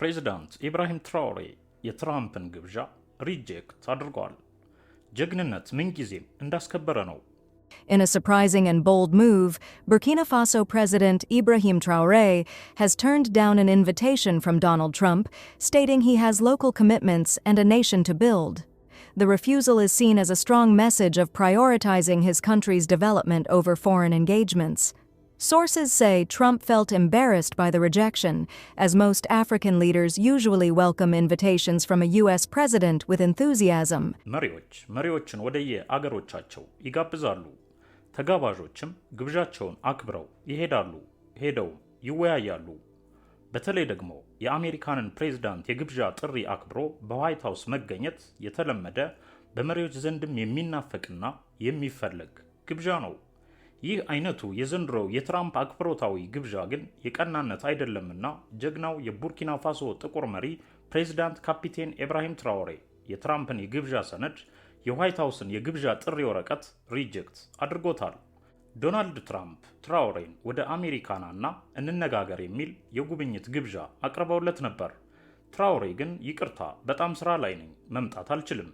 ፕሬዚዳንት ኢብራሂም ትራውሬ የትራምፕን ግብዣ ሪጀክት አድርጓል። ጀግንነት ምንጊዜም እንዳስከበረ ነው። In a surprising and bold move, Burkina Faso President Ibrahim Traoré has turned down an invitation from Donald Trump, stating he has local commitments and a nation to build. The refusal is seen as a strong message of prioritizing his country's development over foreign engagements. Sources say Trump felt embarrassed by the rejection, as most African leaders usually welcome invitations from a U.S. president with enthusiasm. ተጋባዦችም ግብዣቸውን አክብረው ይሄዳሉ ሄደውም ይወያያሉ በተለይ ደግሞ የአሜሪካንን ፕሬዝዳንት የግብዣ ጥሪ አክብሮ በዋይት ሀውስ መገኘት የተለመደ በመሪዎች ዘንድም የሚናፈቅና የሚፈለግ ግብዣ ነው ይህ አይነቱ የዘንድሮው የትራምፕ አክብሮታዊ ግብዣ ግን የቀናነት አይደለምና ጀግናው የቡርኪና ፋሶ ጥቁር መሪ ፕሬዚዳንት ካፒቴን ኢብራሂም ትራዎሬ የትራምፕን የግብዣ ሰነድ የዋይት ሀውስን የግብዣ ጥሪ ወረቀት ሪጀክት አድርጎታል። ዶናልድ ትራምፕ ትራዎሬን ወደ አሜሪካናና እንነጋገር የሚል የጉብኝት ግብዣ አቅርበውለት ነበር። ትራዎሬ ግን ይቅርታ፣ በጣም ስራ ላይ ነኝ፣ መምጣት አልችልም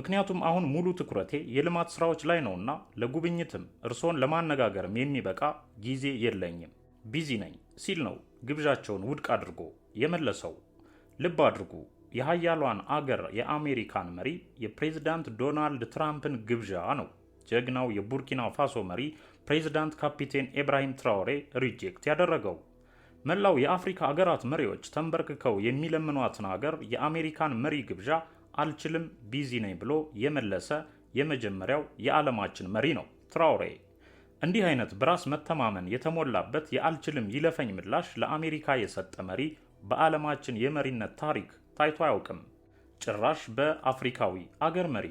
ምክንያቱም አሁን ሙሉ ትኩረቴ የልማት ስራዎች ላይ ነውና ለጉብኝትም እርስዎን ለማነጋገርም የሚበቃ ጊዜ የለኝም፣ ቢዚ ነኝ ሲል ነው ግብዣቸውን ውድቅ አድርጎ የመለሰው። ልብ አድርጉ፣ የሀያሏን አገር የአሜሪካን መሪ የፕሬዝዳንት ዶናልድ ትራምፕን ግብዣ ነው ጀግናው የቡርኪና ፋሶ መሪ ፕሬዝዳንት ካፒቴን ኢብራሂም ትራውሬ ሪጀክት ያደረገው። መላው የአፍሪካ አገራት መሪዎች ተንበርክከው የሚለምኗትን አገር የአሜሪካን መሪ ግብዣ አልችልም፣ ቢዚ ነኝ ብሎ የመለሰ የመጀመሪያው የዓለማችን መሪ ነው ትራውሬ። እንዲህ አይነት በራስ መተማመን የተሞላበት የአልችልም ይለፈኝ ምላሽ ለአሜሪካ የሰጠ መሪ በዓለማችን የመሪነት ታሪክ ታይቶ አያውቅም። ጭራሽ በአፍሪካዊ አገር መሪ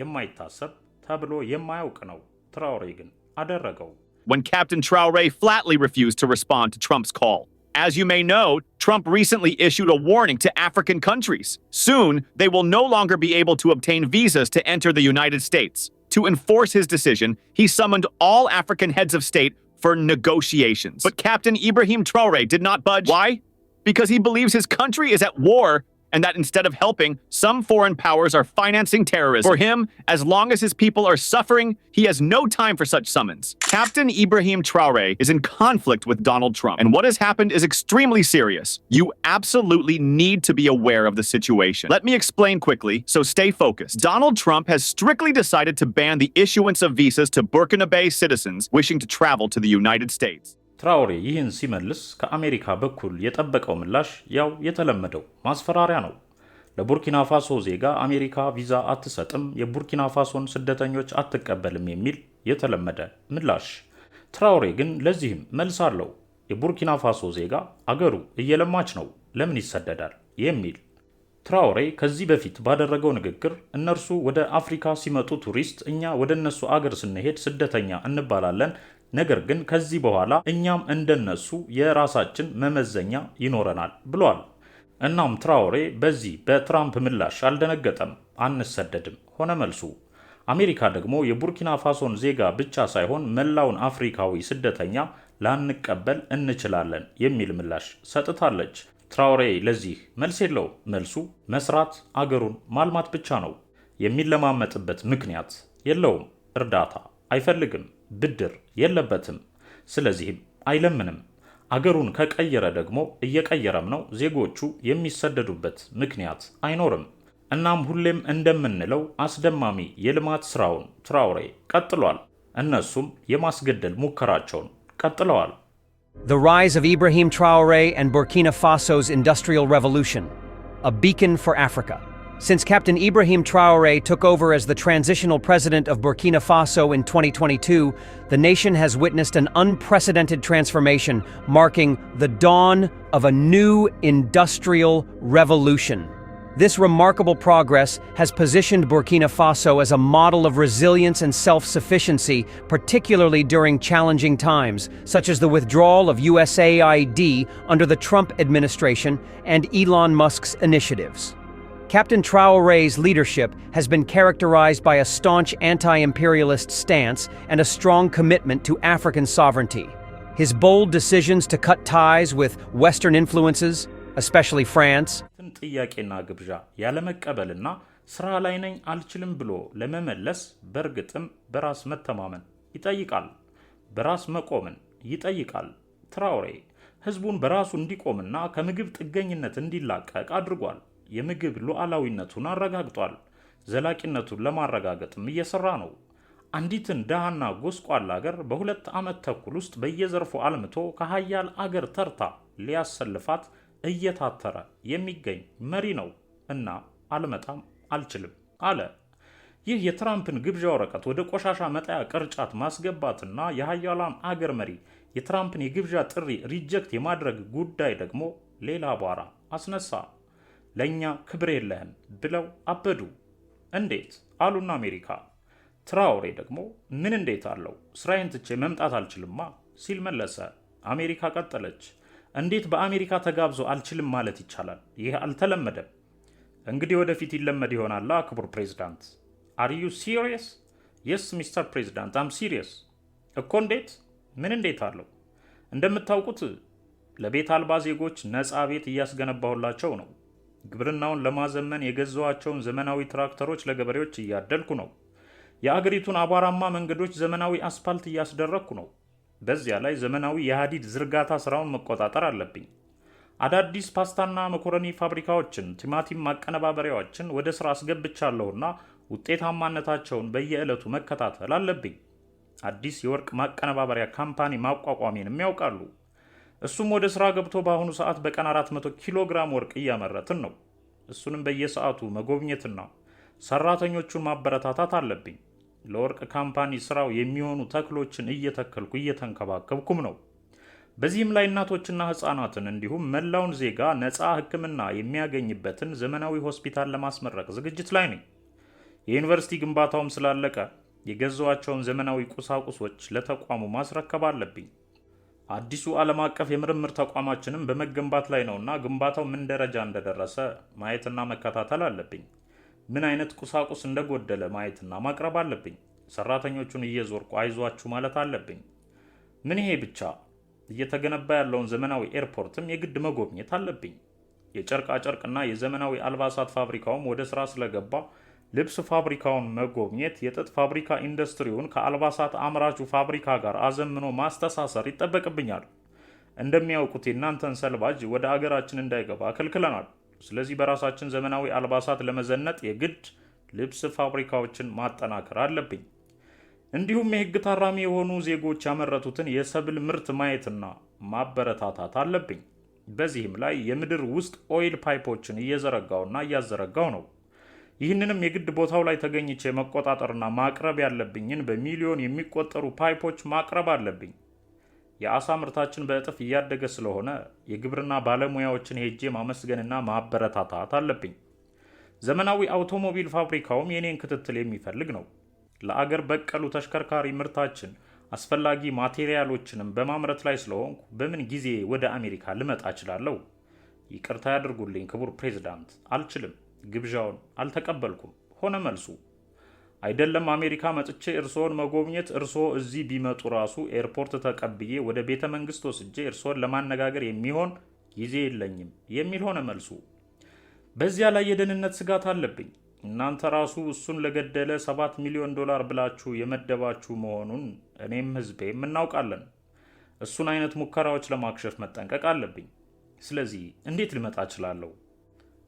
የማይታሰብ ተብሎ የማያውቅ ነው። ትራውሬ ግን አደረገው። When Captain Traoré flatly refused to respond to Trump's call. As you may know, Trump recently issued a warning to African countries. Soon, they will no longer be able to obtain visas to enter the United States. To enforce his decision, he summoned all African heads of state for negotiations. But Captain Ibrahim Traore did not budge. Why? Because he believes his country is at war and that instead of helping, some foreign powers are financing terrorism. For him, as long as his people are suffering, he has no time for such summons. Captain Ibrahim Traore is in conflict with Donald Trump, and what has happened is extremely serious. You absolutely need to be aware of the situation. Let me explain quickly, so stay focused. Donald Trump has strictly decided to ban the issuance of visas to Burkina Bay citizens wishing to travel to the United States. ትራውሬ ይህን ሲመልስ ከአሜሪካ በኩል የጠበቀው ምላሽ ያው የተለመደው ማስፈራሪያ ነው። ለቡርኪና ፋሶ ዜጋ አሜሪካ ቪዛ አትሰጥም፣ የቡርኪና ፋሶን ስደተኞች አትቀበልም የሚል የተለመደ ምላሽ። ትራውሬ ግን ለዚህም መልስ አለው። የቡርኪና ፋሶ ዜጋ አገሩ እየለማች ነው፣ ለምን ይሰደዳል የሚል። ትራውሬ ከዚህ በፊት ባደረገው ንግግር እነርሱ ወደ አፍሪካ ሲመጡ ቱሪስት፣ እኛ ወደ እነሱ አገር ስንሄድ ስደተኛ እንባላለን፣ ነገር ግን ከዚህ በኋላ እኛም እንደነሱ የራሳችን መመዘኛ ይኖረናል ብሏል። እናም ትራውሬ በዚህ በትራምፕ ምላሽ አልደነገጠም። አንሰደድም ሆነ መልሱ። አሜሪካ ደግሞ የቡርኪና ፋሶን ዜጋ ብቻ ሳይሆን መላውን አፍሪካዊ ስደተኛ ላንቀበል እንችላለን የሚል ምላሽ ሰጥታለች። ትራውሬ ለዚህ መልስ የለው። መልሱ መስራት፣ አገሩን ማልማት ብቻ ነው። የሚለማመጥበት ምክንያት የለውም። እርዳታ አይፈልግም። ብድር የለበትም። ስለዚህም አይለምንም። አገሩን ከቀየረ ደግሞ እየቀየረም ነው፣ ዜጎቹ የሚሰደዱበት ምክንያት አይኖርም። እናም ሁሌም እንደምንለው አስደማሚ የልማት ስራውን ትራውሬ ቀጥሏል። እነሱም የማስገደል ሙከራቸውን ቀጥለዋል። The rise of Ibrahim Traore and Burkina Faso's industrial revolution, a beacon for Africa. Since Captain Ibrahim Traore took over as the transitional president of Burkina Faso in 2022, the nation has witnessed an unprecedented transformation, marking the dawn of a new industrial revolution. This remarkable progress has positioned Burkina Faso as a model of resilience and self-sufficiency, particularly during challenging times, such as the withdrawal of USAID under the Trump administration and Elon Musk's initiatives. Captain Traoré's leadership has been characterized by a staunch anti-imperialist stance and a strong commitment to African sovereignty. His bold decisions to cut ties with Western influences, especially France, ጥያቄና ግብዣ ያለመቀበልና ስራ ላይ ነኝ አልችልም ብሎ ለመመለስ በእርግጥም በራስ መተማመን ይጠይቃል። በራስ መቆምን ይጠይቃል። ትራውሬ ህዝቡን በራሱ እንዲቆምና ከምግብ ጥገኝነት እንዲላቀቅ አድርጓል። የምግብ ሉዓላዊነቱን አረጋግጧል። ዘላቂነቱን ለማረጋገጥም እየሰራ ነው። አንዲትን ደሃና ጎስቋላ አገር በሁለት ዓመት ተኩል ውስጥ በየዘርፉ አልምቶ ከሀያል አገር ተርታ ሊያሰልፋት እየታተረ የሚገኝ መሪ ነው እና አልመጣም አልችልም አለ። ይህ የትራምፕን ግብዣ ወረቀት ወደ ቆሻሻ መጣያ ቅርጫት ማስገባትና የሀያላን አገር መሪ የትራምፕን የግብዣ ጥሪ ሪጀክት የማድረግ ጉዳይ ደግሞ ሌላ አቧራ አስነሳ። ለእኛ ክብር የለህም ብለው አበዱ። እንዴት አሉና አሜሪካ። ትራውሬ ደግሞ ምን እንዴት አለው ስራዬን ትቼ መምጣት አልችልማ ሲል መለሰ። አሜሪካ ቀጠለች። እንዴት በአሜሪካ ተጋብዞ አልችልም ማለት ይቻላል? ይህ አልተለመደም። እንግዲህ ወደፊት ይለመድ ይሆናላ። ክቡር ፕሬዝዳንት፣ አር ዩ ሲሪየስ? የስ ሚስተር ፕሬዝዳንት አም ሲሪየስ። እኮ እንዴት? ምን እንዴት አለው። እንደምታውቁት ለቤት አልባ ዜጎች ነፃ ቤት እያስገነባሁላቸው ነው ግብርናውን ለማዘመን የገዛኋቸውን ዘመናዊ ትራክተሮች ለገበሬዎች እያደልኩ ነው። የአገሪቱን አቧራማ መንገዶች ዘመናዊ አስፓልት እያስደረግኩ ነው። በዚያ ላይ ዘመናዊ የሀዲድ ዝርጋታ ስራውን መቆጣጠር አለብኝ። አዳዲስ ፓስታና መኮረኒ ፋብሪካዎችን፣ ቲማቲም ማቀነባበሪያዎችን ወደ ስራ አስገብቻለሁና ውጤታማነታቸውን በየዕለቱ መከታተል አለብኝ። አዲስ የወርቅ ማቀነባበሪያ ካምፓኒ ማቋቋሜንም ያውቃሉ። እሱም ወደ ስራ ገብቶ በአሁኑ ሰዓት በቀን 400 ኪሎ ግራም ወርቅ እያመረትን ነው። እሱንም በየሰዓቱ መጎብኘትና ሰራተኞቹን ማበረታታት አለብኝ። ለወርቅ ካምፓኒ ስራው የሚሆኑ ተክሎችን እየተከልኩ እየተንከባከብኩም ነው። በዚህም ላይ እናቶችና ህጻናትን እንዲሁም መላውን ዜጋ ነፃ ሕክምና የሚያገኝበትን ዘመናዊ ሆስፒታል ለማስመረቅ ዝግጅት ላይ ነኝ። የዩኒቨርሲቲ ግንባታውም ስላለቀ የገዛዋቸውን ዘመናዊ ቁሳቁሶች ለተቋሙ ማስረከብ አለብኝ። አዲሱ ዓለም አቀፍ የምርምር ተቋማችንም በመገንባት ላይ እና ግንባታው ምን ደረጃ እንደደረሰ ማየትና መከታተል አለብኝ። ምን አይነት ቁሳቁስ እንደጎደለ ማየትና ማቅረብ አለብኝ። ሰራተኞቹን እየዞርኩ አይዟችሁ ማለት አለብኝ። ምን ይሄ ብቻ፣ እየተገነባ ያለውን ዘመናዊ ኤርፖርትም የግድ መጎብኘት አለብኝ። የጨርቃ ጨርቅና የዘመናዊ አልባሳት ፋብሪካውም ወደ ስራ ስለገባ ልብስ ፋብሪካውን መጎብኘት የጥጥ ፋብሪካ ኢንዱስትሪውን ከአልባሳት አምራቹ ፋብሪካ ጋር አዘምኖ ማስተሳሰር ይጠበቅብኛል። እንደሚያውቁት የእናንተን ሰልባጅ ወደ አገራችን እንዳይገባ ከልክለናል። ስለዚህ በራሳችን ዘመናዊ አልባሳት ለመዘነጥ የግድ ልብስ ፋብሪካዎችን ማጠናከር አለብኝ። እንዲሁም የህግ ታራሚ የሆኑ ዜጎች ያመረቱትን የሰብል ምርት ማየትና ማበረታታት አለብኝ። በዚህም ላይ የምድር ውስጥ ኦይል ፓይፖችን እየዘረጋውና እያዘረጋው ነው። ይህንንም የግድ ቦታው ላይ ተገኝቼ መቆጣጠርና ማቅረብ ያለብኝን በሚሊዮን የሚቆጠሩ ፓይፖች ማቅረብ አለብኝ። የአሳ ምርታችን በእጥፍ እያደገ ስለሆነ የግብርና ባለሙያዎችን ሄጄ ማመስገንና ማበረታታት አለብኝ። ዘመናዊ አውቶሞቢል ፋብሪካውም የኔን ክትትል የሚፈልግ ነው። ለአገር በቀሉ ተሽከርካሪ ምርታችን አስፈላጊ ማቴሪያሎችንም በማምረት ላይ ስለሆንኩ በምን ጊዜ ወደ አሜሪካ ልመጣ እችላለሁ? ይቅርታ ያድርጉልኝ ክቡር ፕሬዝዳንት፣ አልችልም። ግብዣውን አልተቀበልኩም ሆነ መልሱ። አይደለም አሜሪካ መጥቼ እርስዎን መጎብኘት፣ እርስዎ እዚህ ቢመጡ ራሱ ኤርፖርት ተቀብዬ ወደ ቤተ መንግስት ወስጄ እርስዎን ለማነጋገር የሚሆን ጊዜ የለኝም የሚል ሆነ መልሱ። በዚያ ላይ የደህንነት ስጋት አለብኝ። እናንተ ራሱ እሱን ለገደለ ሰባት ሚሊዮን ዶላር ብላችሁ የመደባችሁ መሆኑን እኔም ህዝቤም እናውቃለን። እሱን አይነት ሙከራዎች ለማክሸፍ መጠንቀቅ አለብኝ። ስለዚህ እንዴት ልመጣ እችላለሁ?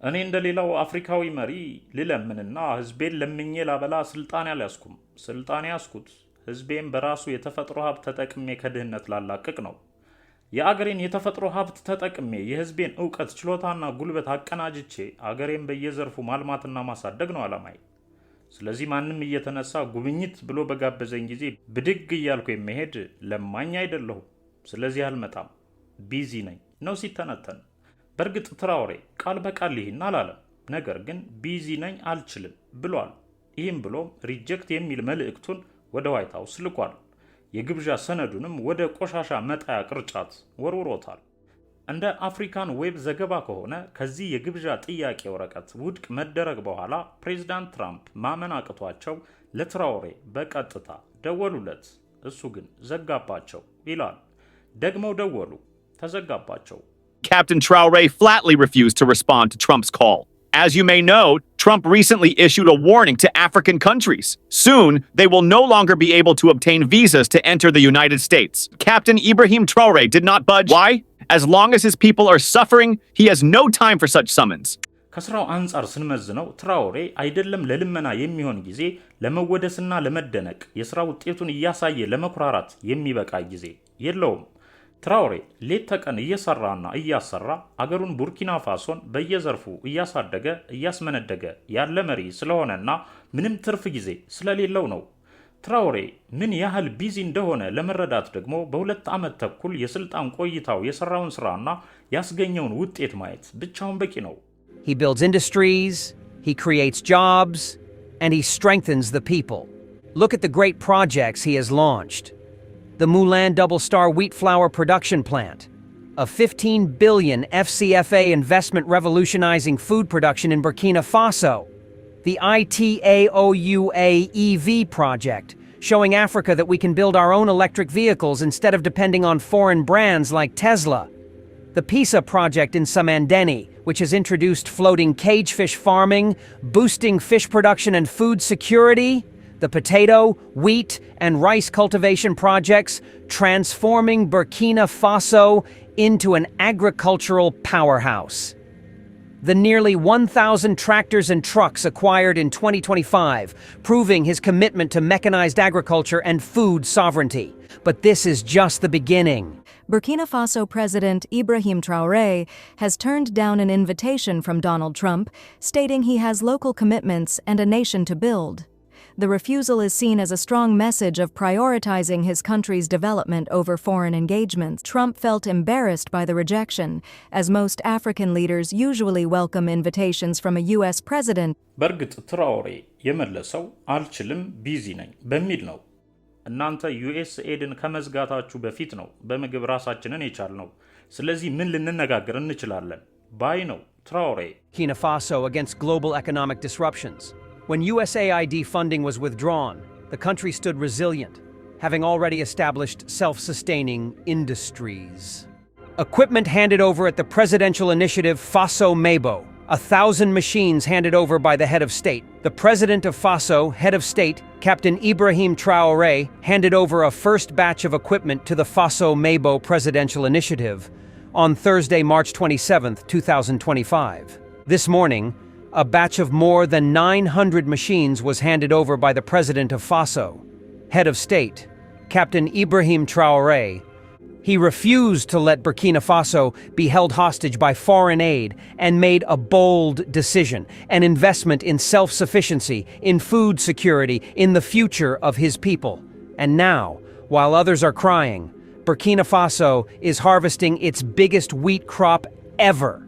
እኔ እንደሌላው አፍሪካዊ መሪ ልለምንና ህዝቤን ለምኜ ላበላ ስልጣን አልያዝኩም። ስልጣን ያዝኩት ህዝቤን በራሱ የተፈጥሮ ሀብት ተጠቅሜ ከድህነት ላላቅቅ ነው። የአገሬን የተፈጥሮ ሀብት ተጠቅሜ የህዝቤን እውቀት፣ ችሎታና ጉልበት አቀናጅቼ አገሬን በየዘርፉ ማልማትና ማሳደግ ነው አላማይ። ስለዚህ ማንም እየተነሳ ጉብኝት ብሎ በጋበዘኝ ጊዜ ብድግ እያልኩ የመሄድ ለማኝ አይደለሁም። ስለዚህ አልመጣም፣ ቢዚ ነኝ ነው ሲተነተን በእርግጥ ትራውሬ ቃል በቃል ይህን አላለም። ነገር ግን ቢዚ ነኝ አልችልም ብሏል። ይህም ብሎም ሪጀክት የሚል መልእክቱን ወደ ዋይት ሀውስ ልኳል። የግብዣ ሰነዱንም ወደ ቆሻሻ መጣያ ቅርጫት ወርውሮታል። እንደ አፍሪካን ዌብ ዘገባ ከሆነ ከዚህ የግብዣ ጥያቄ ወረቀት ውድቅ መደረግ በኋላ ፕሬዚዳንት ትራምፕ ማመን አቅቷቸው ለትራውሬ በቀጥታ ደወሉለት። እሱ ግን ዘጋባቸው ይላል። ደግመው ደወሉ፣ ተዘጋባቸው። Captain Traore flatly refused to respond to Trump's call. As you may know, Trump recently issued a warning to African countries. Soon, they will no longer be able to obtain visas to enter the United States. Captain Ibrahim Traore did not budge. Why? As long as his people are suffering, he has no time for such summons. ከስራው አንጻር ስንመዝነው አይደለም ለልመና የሚሆን ጊዜ ለመወደስና ለመደነቅ ውጤቱን እያሳየ ለመኩራራት የሚበቃ ጊዜ የለውም። ትራውሬ ሌት ተቀን እየሰራና እያሰራ አገሩን ቡርኪና ፋሶን በየዘርፉ እያሳደገ እያስመነደገ ያለ መሪ ስለሆነና ምንም ትርፍ ጊዜ ስለሌለው ነው። ትራውሬ ምን ያህል ቢዚ እንደሆነ ለመረዳት ደግሞ በሁለት ዓመት ተኩል የስልጣን ቆይታው የሰራውን ስራና ያስገኘውን ውጤት ማየት ብቻውን በቂ ነው። He builds industries, he creates jobs, and he strengthens the people. Look at the great projects he has launched. the Mulan Double Star Wheat Flour Production Plant, a 15 billion FCFA investment revolutionizing food production in Burkina Faso, the I T A O U A E V project, showing Africa that we can build our own electric vehicles instead of depending on foreign brands like Tesla, the PISA project in Samandeni, which has introduced floating cagefish farming, boosting fish production and food security, the potato, wheat, and rice cultivation projects, transforming Burkina Faso into an agricultural powerhouse. The nearly 1,000 tractors and trucks acquired in 2025, proving his commitment to mechanized agriculture and food sovereignty. But this is just the beginning. Burkina Faso President Ibrahim Traoré has turned down an invitation from Donald Trump, stating he has local commitments and a nation to build the refusal is seen as a strong message of prioritizing his country's development over foreign engagements. Trump felt embarrassed by the rejection, as most African leaders usually welcome invitations from a U.S. president. በእርግጥ ትራኦሬ የመለሰው አልችልም፣ ቢዚ ነኝ በሚል ነው። እናንተ ዩኤስኤድን ከመዝጋታችሁ በፊት ነው በምግብ ራሳችንን የቻልነው። ስለዚህ ምን ልንነጋገር እንችላለን ባይ ነው ትራኦሬ። ኪና ፋሶ against global economic disruptions when USAID funding was withdrawn, the country stood resilient, having already established self-sustaining industries. Equipment handed over at the presidential initiative FASO Mabo, a thousand machines handed over by the head of state. The president of FASO, head of state, Captain Ibrahim Traoré, handed over a first batch of equipment to the FASO Mabo presidential initiative on Thursday, March 27, 2025. This morning, a batch of more than 900 machines was handed over by the president of Faso, head of state, Captain Ibrahim Traoré. He refused to let Burkina Faso be held hostage by foreign aid and made a bold decision, an investment in self-sufficiency, in food security, in the future of his people. And now, while others are crying, Burkina Faso is harvesting its biggest wheat crop ever.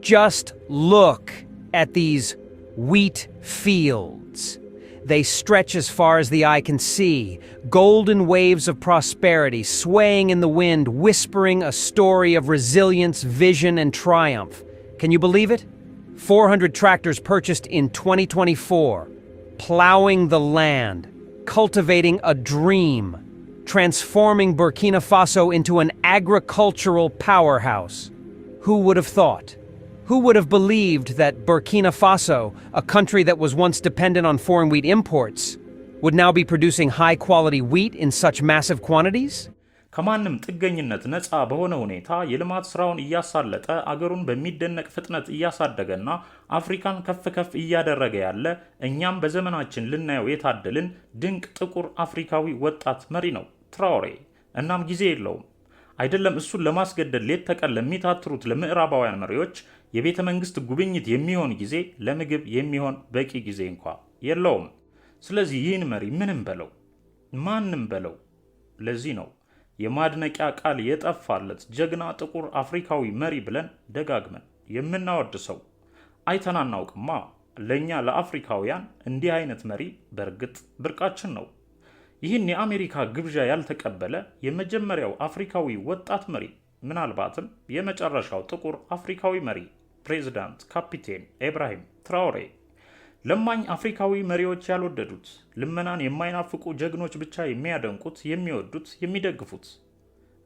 Just look at these wheat fields. They stretch as far as the eye can see, golden waves of prosperity swaying in the wind, whispering a story of resilience, vision, and triumph. Can you believe it? 400 tractors purchased in 2024, plowing the land, cultivating a dream, transforming Burkina Faso into an agricultural powerhouse. Who would have thought? Who would have believed that Burkina Faso, a country that was once dependent on foreign wheat imports, would now be producing high quality wheat in such massive quantities? ከማንም ጥገኝነት ነፃ በሆነ ሁኔታ የልማት ስራውን እያሳለጠ አገሩን በሚደነቅ ፍጥነት እያሳደገና አፍሪካን ከፍ ከፍ እያደረገ ያለ እኛም በዘመናችን ልናየው የታደልን ድንቅ ጥቁር አፍሪካዊ ወጣት መሪ ነው ትራኦሬ። እናም ጊዜ የለውም አይደለም እሱን ለማስገደል ሌት ተቀን ለሚታትሩት ለምዕራባውያን መሪዎች የቤተ መንግስት ጉብኝት የሚሆን ጊዜ ለምግብ የሚሆን በቂ ጊዜ እንኳ የለውም። ስለዚህ ይህን መሪ ምንም በለው ማንም በለው። ለዚህ ነው የማድነቂያ ቃል የጠፋለት ጀግና ጥቁር አፍሪካዊ መሪ ብለን ደጋግመን የምናወድሰው። አይተና አናውቅማ። ለእኛ ለአፍሪካውያን እንዲህ አይነት መሪ በእርግጥ ብርቃችን ነው። ይህን የአሜሪካ ግብዣ ያልተቀበለ የመጀመሪያው አፍሪካዊ ወጣት መሪ ምናልባትም የመጨረሻው ጥቁር አፍሪካዊ መሪ ፕሬዚዳንት ካፒቴን ኢብራሂም ትራውሬ ለማኝ አፍሪካዊ መሪዎች ያልወደዱት ልመናን የማይናፍቁ ጀግኖች ብቻ የሚያደንቁት የሚወዱት የሚደግፉት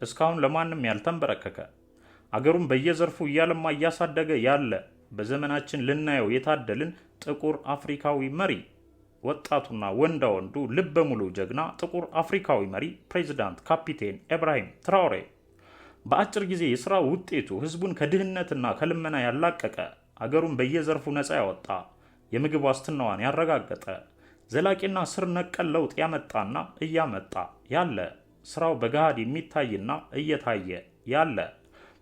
እስካሁን ለማንም ያልተንበረከከ አገሩን በየዘርፉ እያለማ እያሳደገ ያለ በዘመናችን ልናየው የታደልን ጥቁር አፍሪካዊ መሪ ወጣቱና ወንዳ ወንዱ ልበ ሙሉ ጀግና ጥቁር አፍሪካዊ መሪ ፕሬዚዳንት ካፒቴን ኢብራሂም ትራውሬ በአጭር ጊዜ የሥራ ውጤቱ ህዝቡን ከድህነትና ከልመና ያላቀቀ፣ አገሩን በየዘርፉ ነፃ ያወጣ፣ የምግብ ዋስትናዋን ያረጋገጠ፣ ዘላቂና ስር ነቀል ለውጥ ያመጣና እያመጣ ያለ ስራው በገሃድ የሚታይና እየታየ ያለ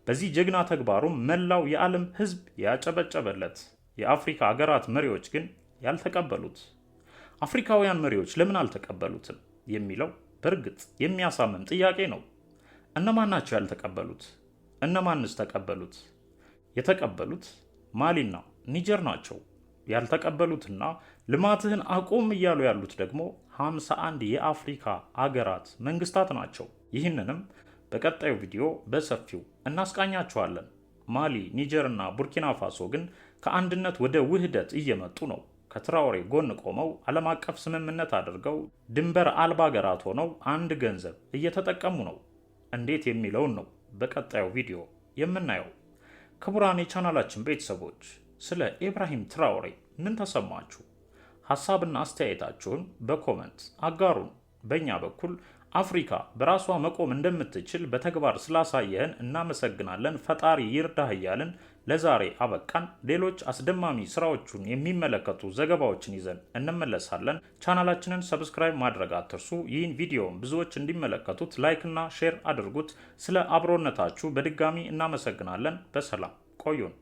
በዚህ ጀግና ተግባሩም መላው የዓለም ህዝብ ያጨበጨበለት፣ የአፍሪካ አገራት መሪዎች ግን ያልተቀበሉት አፍሪካውያን መሪዎች ለምን አልተቀበሉትም የሚለው በእርግጥ የሚያሳምም ጥያቄ ነው። እነማን ናቸው ያልተቀበሉት? እነማንስ ተቀበሉት? የተቀበሉት ማሊና ኒጀር ናቸው። ያልተቀበሉትና ልማትህን አቁም እያሉ ያሉት ደግሞ 51 የአፍሪካ አገራት መንግስታት ናቸው። ይህንንም በቀጣዩ ቪዲዮ በሰፊው እናስቃኛችኋለን። ማሊ፣ ኒጀር እና ቡርኪና ፋሶ ግን ከአንድነት ወደ ውህደት እየመጡ ነው። ከትራውሬ ጎን ቆመው ዓለም አቀፍ ስምምነት አድርገው ድንበር አልባ ሀገራት ሆነው አንድ ገንዘብ እየተጠቀሙ ነው። እንዴት የሚለውን ነው በቀጣዩ ቪዲዮ የምናየው። ክቡራን የቻናላችን ቤተሰቦች ስለ ኢብራሂም ትራውሬ ምን ተሰማችሁ? ሐሳብና አስተያየታችሁን በኮመንት አጋሩን። በእኛ በኩል አፍሪካ በራሷ መቆም እንደምትችል በተግባር ስላሳየህን እናመሰግናለን። ፈጣሪ ይርዳህ እያልን ለዛሬ አበቃን። ሌሎች አስደማሚ ስራዎቹን የሚመለከቱ ዘገባዎችን ይዘን እንመለሳለን። ቻናላችንን ሰብስክራይብ ማድረግ አትርሱ። ይህን ቪዲዮም ብዙዎች እንዲመለከቱት ላይክና ሼር አድርጉት። ስለ አብሮነታችሁ በድጋሚ እናመሰግናለን። በሰላም ቆዩን።